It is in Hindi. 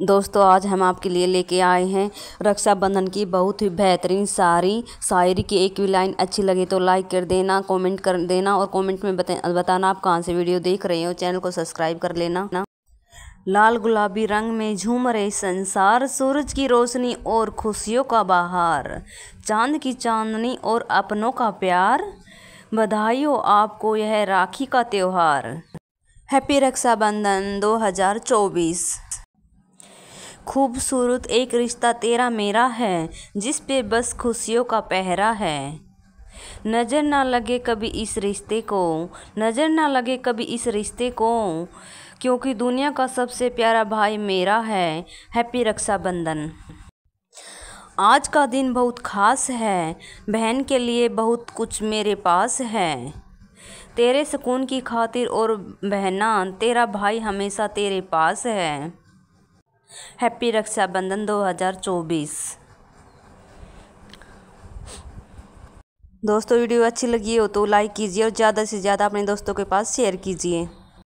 दोस्तों आज हम आपके लिए लेके आए हैं रक्षाबंधन की बहुत ही बेहतरीन सारी शायरी की एक भी लाइन अच्छी लगे तो लाइक कर देना कमेंट कर देना और कमेंट में बताना आप कहाँ से वीडियो देख रहे हो चैनल को सब्सक्राइब कर लेना ना लाल गुलाबी रंग में झूम रहे संसार सूरज की रोशनी और खुशियों का बहार चांद की चांदनी और अपनों का प्यार बधाई हो आपको यह राखी का त्यौहार हैप्पी रक्षाबंधन 2024 खूबसूरत एक रिश्ता तेरा मेरा है जिस पे बस खुशियों का पहरा है नज़र ना लगे कभी इस रिश्ते को नज़र ना लगे कभी इस रिश्ते को क्योंकि दुनिया का सबसे प्यारा भाई मेरा है हैप्पी रक्षाबंधन आज का दिन बहुत खास है बहन के लिए बहुत कुछ मेरे पास है तेरे सुकून की खातिर और बहना तेरा भाई हमेशा तेरे पास है हैप्पी रक्षाबंधन 2024 दोस्तों वीडियो अच्छी लगी हो तो लाइक कीजिए और ज़्यादा से ज़्यादा अपने दोस्तों के पास शेयर कीजिए